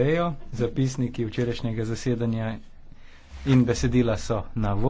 Dejo, zapisniki včerajšnjega zasedanja in besedila so na vo.